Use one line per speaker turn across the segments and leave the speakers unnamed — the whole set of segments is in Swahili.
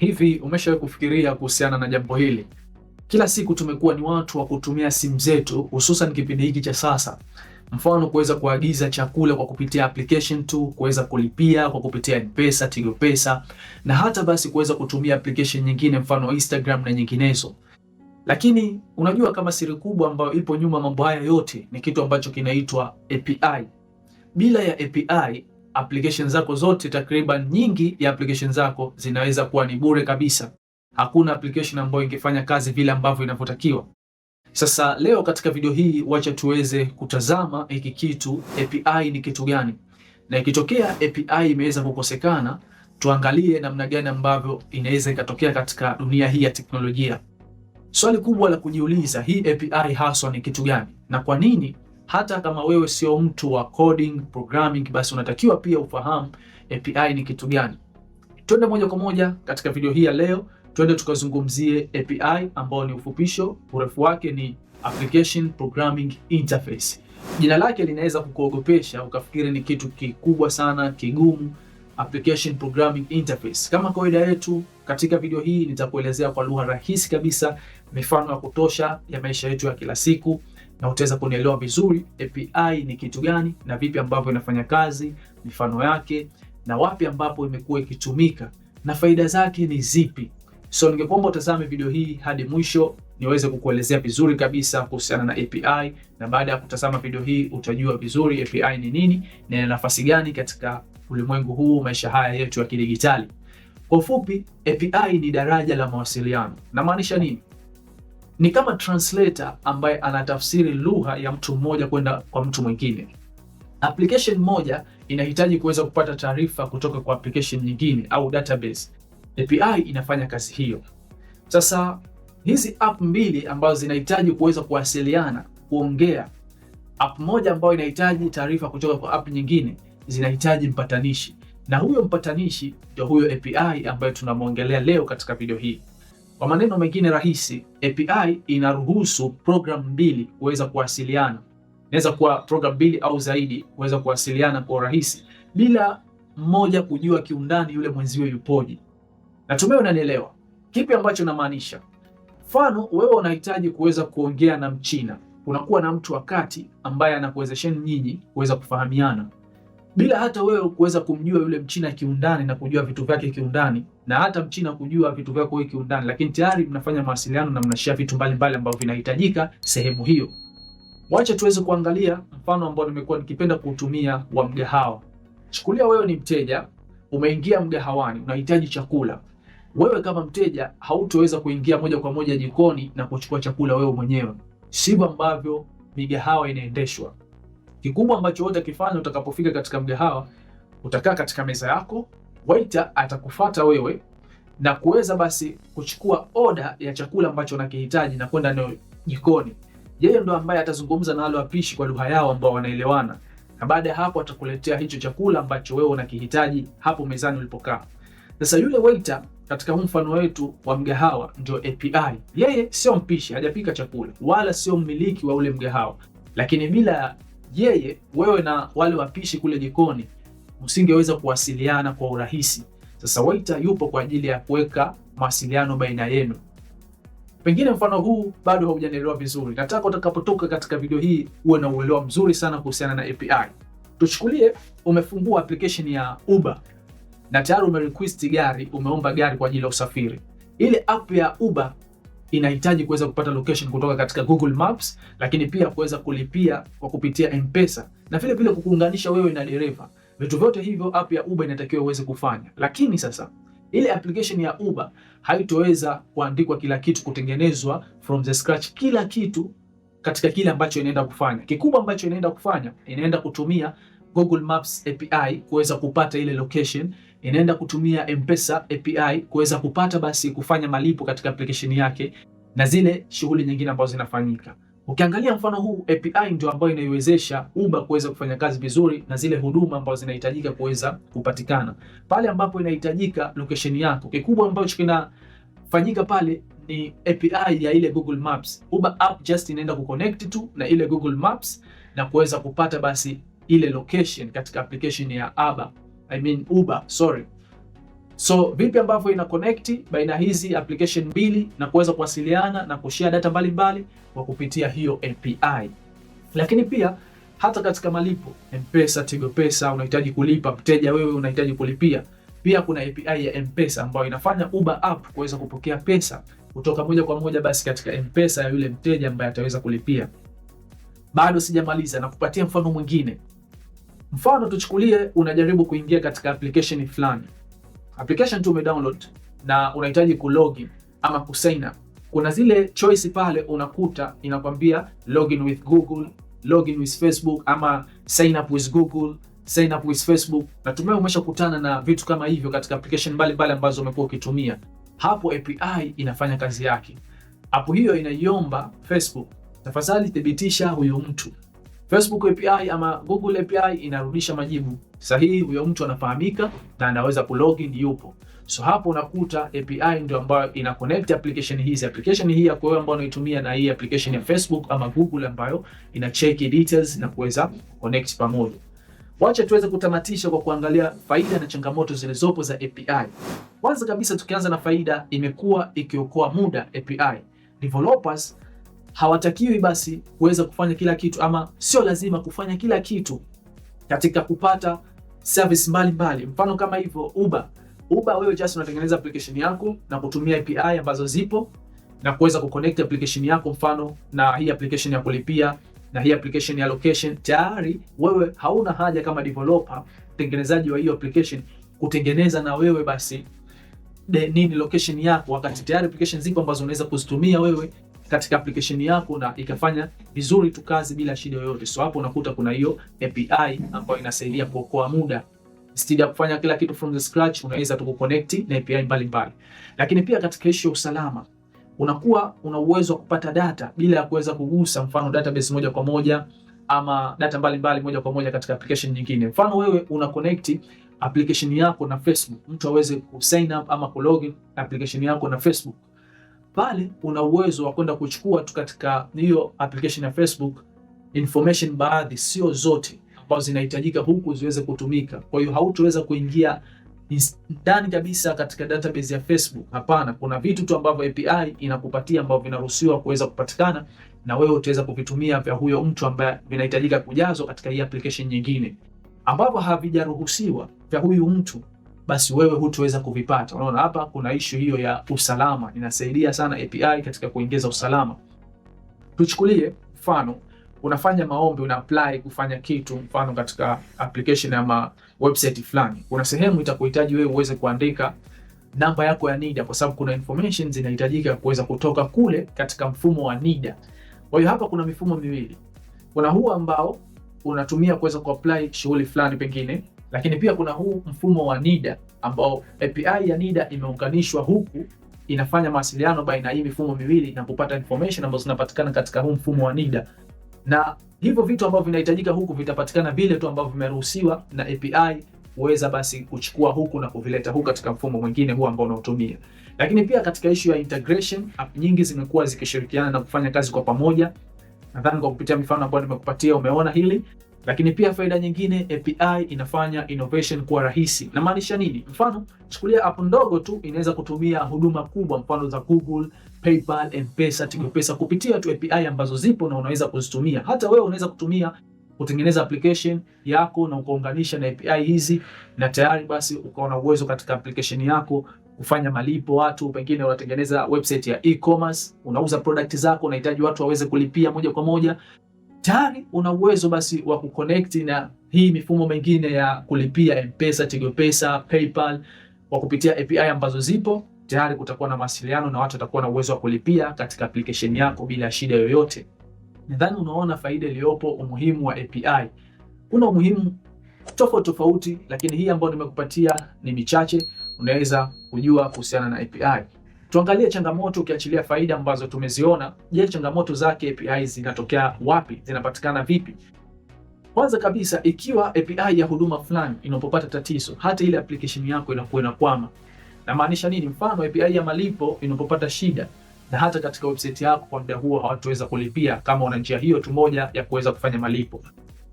Hivi umeshawahi kufikiria kuhusiana na jambo hili? Kila siku tumekuwa ni watu wa kutumia simu zetu, hususan kipindi hiki cha sasa. Mfano, kuweza kuagiza chakula kwa kupitia application tu, kuweza kulipia kwa kupitia M-Pesa, Tigo Pesa na hata basi kuweza kutumia application nyingine, mfano Instagram na nyinginezo. Lakini unajua kama siri kubwa ambayo ipo nyuma mambo haya yote ni kitu ambacho kinaitwa API. Bila ya API application zako zote takriban nyingi ya application zako zinaweza kuwa ni bure kabisa. Hakuna application ambayo ingefanya kazi vile ambavyo inavyotakiwa. Sasa leo katika video hii, wacha tuweze kutazama hiki kitu API ni kitu gani, na ikitokea API imeweza kukosekana, tuangalie namna gani ambavyo inaweza ikatokea katika dunia hii ya teknolojia. Swali kubwa la kujiuliza, hii API haswa ni kitu gani na kwa nini hata kama wewe sio mtu wa coding, programming, basi unatakiwa pia ufahamu API ni kitu gani. Twende moja kwa moja katika video hii ya leo, twende tukazungumzie API ambao ni ufupisho, urefu wake ni Application Programming Interface. Jina lake linaweza kukuogopesha ukafikiri ni kitu kikubwa sana kigumu, Application Programming Interface. Kama kawaida yetu katika video hii nitakuelezea kwa lugha rahisi kabisa mifano ya kutosha ya maisha yetu ya kila siku na utaweza kunielewa vizuri API ni kitu gani na vipi ambavyo inafanya kazi, mifano yake na wapi ambapo imekuwa ikitumika na faida zake ni zipi. So ningekuomba utazame video hii hadi mwisho niweze kukuelezea vizuri kabisa kuhusiana na API, na baada ya kutazama video hii utajua vizuri API ni nini na ina nafasi gani katika ulimwengu huu, maisha haya yetu ya kidigitali. Kwa ufupi, API ni daraja la mawasiliano. Namaanisha nini? ni kama translator ambaye anatafsiri lugha ya mtu mmoja kwenda kwa mtu mwingine. Application moja inahitaji kuweza kupata taarifa kutoka kwa application nyingine au database. API inafanya kazi hiyo. Sasa hizi app mbili ambazo zinahitaji kuweza kuwasiliana, kuongea, app moja ambayo inahitaji taarifa kutoka kwa app nyingine zinahitaji mpatanishi, na huyo mpatanishi ndio huyo API ambayo tunamwongelea leo katika video hii. Kwa maneno mengine rahisi, API inaruhusu program mbili kuweza kuwasiliana, inaweza kuwa program mbili au zaidi kuweza kuwasiliana kwa urahisi bila mmoja kujua kiundani yule mwenziwe yupoje. Natumai unanielewa kipi ambacho namaanisha. Mfano, wewe unahitaji kuweza kuongea na Mchina, unakuwa na mtu wa kati ambaye anakuwezesheni nyinyi kuweza kufahamiana bila hata wewe kuweza kumjua yule Mchina kiundani na kujua vitu vyake kiundani na hata Mchina kujua vitu vyako wewe kiundani, lakini tayari mnafanya mawasiliano na mnashia vitu mbalimbali ambavyo vinahitajika sehemu hiyo. Wacha tuweze kuangalia mfano ambao nimekuwa nikipenda kuutumia wa mgahawa. Chukulia wewe ni mteja, umeingia mgahawani, unahitaji chakula. Wewe kama mteja hautoweza kuingia moja kwa moja jikoni na kuchukua chakula wewe mwenyewe, sivyo ambavyo migahawa inaendeshwa. Kikubwa ambacho utakifanya utakapofika katika mgahawa, utakaa katika meza yako, waita atakufata wewe na kuweza basi kuchukua oda ya chakula ambacho unakihitaji na kwenda nayo jikoni. Yeye ndo ambaye atazungumza na wale wapishi kwa lugha yao ambao wanaelewana, na baada ya hapo atakuletea hicho chakula ambacho wewe unakihitaji hapo mezani ulipokaa. Sasa yule waiter katika huu mfano wetu wa mgahawa ndio API. Yeye sio mpishi, hajapika chakula wala sio mmiliki wa ule mgahawa, lakini bila yeye, wewe na wale wapishi kule jikoni msingeweza kuwasiliana kwa urahisi. Sasa waita yupo kwa ajili ya kuweka mawasiliano baina yenu. Pengine mfano huu bado haujanielewa vizuri, nataka utakapotoka katika video hii uwe na uelewa mzuri sana kuhusiana na API. Tuchukulie umefungua application ya Uber na tayari umerequest gari, umeomba gari kwa ajili ya usafiri. Ile app ya Uber inahitaji kuweza kupata location kutoka katika Google Maps, lakini pia kuweza kulipia kwa kupitia M-Pesa na vile vile kukuunganisha wewe na dereva. Vitu vyote hivyo app ya Uber inatakiwa uweze kufanya, lakini sasa ile application ya Uber haitoweza kuandikwa kila kitu, kutengenezwa from the scratch kila kitu katika kile ambacho inaenda kufanya. Kikubwa ambacho inaenda kufanya, inaenda kutumia Google Maps API kuweza kupata ile location inaenda kutumia M-Pesa API kuweza kupata basi kufanya malipo katika application yake na zile shughuli nyingine ambazo zinafanyika. Ukiangalia mfano huu, API ndio ambayo inaiwezesha Uber kuweza kufanya kazi vizuri na zile huduma ambazo zinahitajika kuweza kupatikana pale ambapo inahitajika location yako. Kikubwa ambacho kinafanyika pale ni API ya ile Google Maps. Uber app just inaenda kuconnect tu na ile Google Maps na kuweza kupata basi ile location katika application ya Uber. I mean Uber, sorry. So vipi ambavyo ina connect baina hizi application mbili na kuweza kuwasiliana na kushare data mbalimbali kwa kupitia hiyo API. Lakini pia hata katika malipo M-Pesa, Tigo Pesa, unahitaji kulipa mteja, wewe unahitaji kulipia, pia kuna API ya M-Pesa ambayo inafanya Uber app kuweza kupokea pesa kutoka moja kwa moja basi katika M-Pesa ya yule mteja ambaye ataweza kulipia. Bado sijamaliza, na kupatia mfano mwingine. Mfano tuchukulie unajaribu kuingia katika application fulani, application tu umedownload na unahitaji kulogin ama kusign up. Kuna zile choice pale unakuta inakwambia login with Google, login with Facebook ama sign up with Google, sign up with Facebook. Natumai umeshakutana na vitu kama hivyo katika application mbalimbali ambazo umekuwa ukitumia. Hapo API inafanya kazi yake. App hiyo inaiomba Facebook, tafadhali thibitisha huyu mtu Facebook API ama Google API inarudisha majibu sahihi, huyo mtu anafahamika na anaweza kulogin, yupo. So hapo unakuta API ndio ambayo ina connect application hizi, application hii ya kwa ambayo unaitumia na hii application ya Facebook ama Google ambayo ina check details na kuweza connect pamoja. Wacha tuweze kutamatisha kwa kuangalia faida na changamoto zilizopo za API. Kwanza kabisa tukianza na faida, imekuwa ikiokoa muda API. Developers hawatakiwi basi kuweza kufanya kila kitu, ama sio lazima kufanya kila kitu katika kupata service mbalimbali. Mfano kama hivyo Uber. Uber wewe just unatengeneza application yako na kutumia API ambazo zipo na kuweza kuconnect application yako mfano na hii application ya kulipia na hii application ya location. Tayari wewe hauna haja kama developer, mtengenezaji wa hiyo application kutengeneza na wewe basi de nini location yako, wakati tayari application zipo ambazo unaweza kuzitumia wewe katika application yako na ikafanya vizuri tu kazi bila shida yoyote. So hapo unakuta kuna hiyo API ambayo inasaidia kuokoa muda. Instead ya kufanya kila kitu from the scratch, unaweza tu kuconnect na API mbalimbali. mbali. Lakini pia katika issue ya usalama unakuwa una uwezo wa kupata data bila ya kuweza kugusa mfano database moja kwa moja ama data mbalimbali mbali moja kwa moja katika application nyingine. Mfano wewe una connect application yako na Facebook, mtu aweze ku sign up ama ku login application yako na Facebook pale una uwezo wa kwenda kuchukua tu katika hiyo application ya Facebook information baadhi, sio zote, ambazo zinahitajika huku ziweze kutumika. Kwa hiyo hautoweza kuingia ndani kabisa katika database ya Facebook. Hapana, kuna vitu tu ambavyo API inakupatia ambavyo vinaruhusiwa kuweza kupatikana na wewe utaweza kuvitumia vya huyo mtu ambaye vinahitajika kujazwa katika hii application nyingine, ambavyo havijaruhusiwa vya huyu mtu basi wewe hutoweza kuvipata. Unaona hapa kuna ishu hiyo ya usalama, inasaidia sana API katika kuongeza usalama. Tuchukulie mfano unafanya maombi, una apply kufanya kitu, mfano katika application ama website fulani, kuna sehemu itakuhitaji wewe uweze kuandika namba yako ya NIDA kwa sababu kuna information zinahitajika kuweza kutoka kule katika mfumo wa NIDA. Kwa hiyo hapa kuna mifumo miwili, kuna huu ambao unatumia kuweza kuapply shughuli fulani pengine lakini pia kuna huu mfumo wa NIDA ambao API ya NIDA imeunganishwa huku inafanya mawasiliano baina ya hii mifumo miwili na kupata information ambazo zinapatikana katika huu mfumo wa NIDA. Na hivyo vitu ambavyo vinahitajika huku vitapatikana vile tu ambavyo vimeruhusiwa na API kuweza basi kuchukua huku na kuvileta huku katika mfumo mwingine huu ambao unaotumia. Lakini pia katika ishu ya integration, app nyingi zimekuwa zikishirikiana na kufanya kazi kwa pamoja. Nadhani kwa kupitia mifano ambayo nimekupatia umeona hili. Lakini pia faida nyingine, API inafanya innovation kuwa rahisi. Namaanisha nini? Mfano, chukulia app ndogo tu inaweza kutumia huduma kubwa, mfano za Google, PayPal, M-Pesa, Tigo Pesa kupitia tu API ambazo zipo na unaweza kuzitumia. Hata wewe unaweza kutumia kutengeneza application yako na ukaunganisha na API hizi, na tayari basi ukawa na uwezo katika application yako kufanya malipo. Watu pengine unatengeneza website ya e-commerce, unauza product zako, unahitaji watu waweze kulipia moja kwa moja tayari una uwezo basi wa kuconnect na hii mifumo mingine ya kulipia Mpesa, Tigo Pesa, PayPal kwa kupitia API ambazo zipo tayari. Kutakuwa na mawasiliano na watu watakuwa na uwezo wa kulipia katika application yako bila shida yoyote. Nadhani unaona faida iliyopo, umuhimu wa API. Kuna umuhimu tofauti tofauti, lakini hii ambayo nimekupatia ni michache, unaweza kujua kuhusiana na API. Tuangalie changamoto, ukiachilia faida ambazo tumeziona. Je, changamoto zake API zinatokea wapi? Zinapatikana vipi? Kwanza kabisa, ikiwa API ya huduma fulani inapopata tatizo, hata ile application yako inakuwa inakwama. Namaanisha nini? Mfano, API ya malipo inapopata shida na hata katika website yako kwa muda huo hawataweza kulipia kama una njia hiyo tu moja ya kuweza kufanya malipo.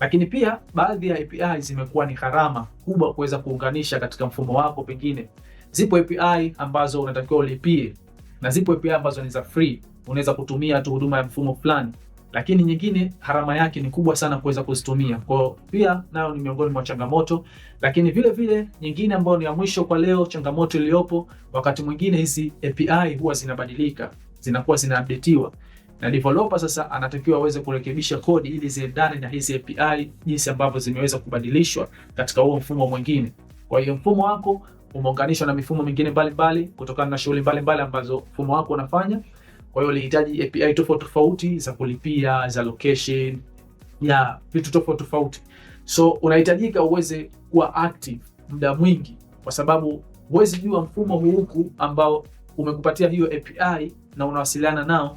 Lakini pia baadhi ya API zimekuwa ni gharama kubwa kuweza kuunganisha katika mfumo wako, pengine Zipo API ambazo unatakiwa ulipie na zipo API ambazo ni za free, unaweza kutumia tu huduma ya mfumo fulani, lakini nyingine gharama yake ni kubwa sana kuweza kuzitumia. Kwa pia nayo ni miongoni mwa changamoto, lakini vile vile nyingine ambayo ni ya mwisho kwa leo, changamoto iliyopo wakati mwingine hizi API huwa zinabadilika, zinakuwa zinaupdateiwa na developer sasa anatakiwa aweze kurekebisha kodi ili ziendane na hizi API jinsi ambavyo zimeweza kubadilishwa katika huo mfumo mwingine. Kwa hiyo mfumo wako umeunganishwa na mifumo mingine mbalimbali kutokana na shughuli mbalimbali ambazo mfumo wako unafanya. Kwa hiyo ulihitaji API tofauti tofauti za kulipia, za location, ya vitu tofauti tofauti. So unahitajika uweze kuwa active muda mwingi, kwa sababu huwezi jua mfumo huku ambao umekupatia hiyo API na unawasiliana nao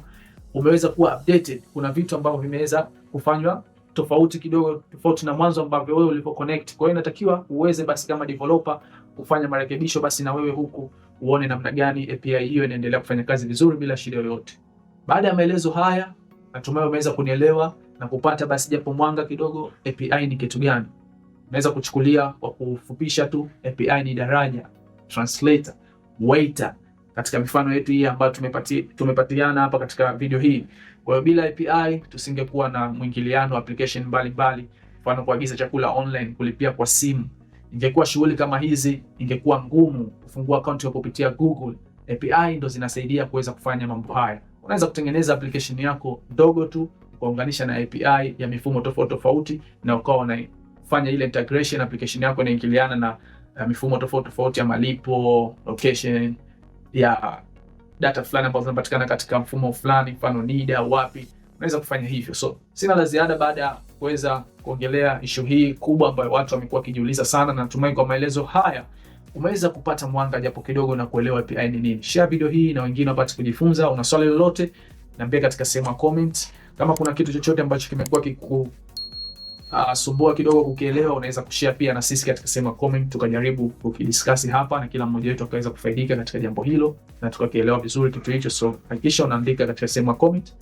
umeweza kuwa updated. Kuna vitu ambavyo vimeweza kufanywa tofauti kidogo, tofauti na mwanzo ambavyo wewe ulipo connect. Kwa hiyo inatakiwa uweze basi kama developer kufanya marekebisho, basi na wewe huku uone namna gani API hiyo inaendelea kufanya kazi vizuri bila shida yoyote. Baada ya maelezo haya, natumai umeweza kunielewa na kupata basi japo mwanga kidogo API ni kitu gani. Unaweza kuchukulia kwa kufupisha tu API ni daraja, translator, waiter katika mifano yetu hii ambayo tumepati, tumepatiana hapa katika video hii. Kwa hiyo bila API tusingekuwa na mwingiliano application mbalimbali, mfano kuagiza chakula online, kulipia kwa simu Ingekuwa shughuli kama hizi ingekuwa ngumu kufungua akaunti yako kupitia Google. API ndo zinasaidia kuweza kufanya mambo haya. Unaweza kutengeneza application yako ndogo tu ukaunganisha na API ya mifumo tofauti tofauti, na ukawa unafanya ile integration, application yako inaingiliana na uh, mifumo tofauti tofauti ya malipo, location ya data fulani ambazo zinapatikana katika mfumo fulani, mfano NIDA wapi, unaweza kufanya hivyo. So sina la ziada baada ya kuweza kuongelea ishu hii kubwa ambayo watu wamekuwa wakijiuliza sana, na natumai kwa maelezo haya umeweza kupata mwanga japo kidogo na kuelewa API ni nini. Share video hii na wengine wapate kujifunza. Una swali lolote, niambie katika sehemu ya comment. Kama kuna kitu chochote ambacho kimekuwa kikusumbua ah, uh, kidogo kukielewa, unaweza kushare pia na sisi katika sehemu ya comment, tukajaribu kukidiskasi hapa na kila mmoja wetu akaweza kufaidika katika jambo hilo na tukakielewa vizuri kitu hicho. So hakikisha unaandika katika sehemu ya comment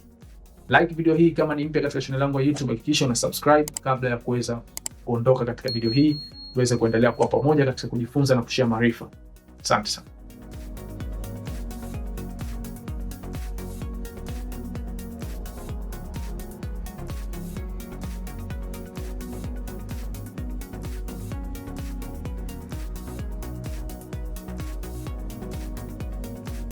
like video hii kama ni mpya katika channel yangu ya YouTube, hakikisha una subscribe kabla ya kuweza kuondoka katika video hii, tuweze kuendelea kuwa pamoja katika kujifunza na kushare maarifa. Asante sana.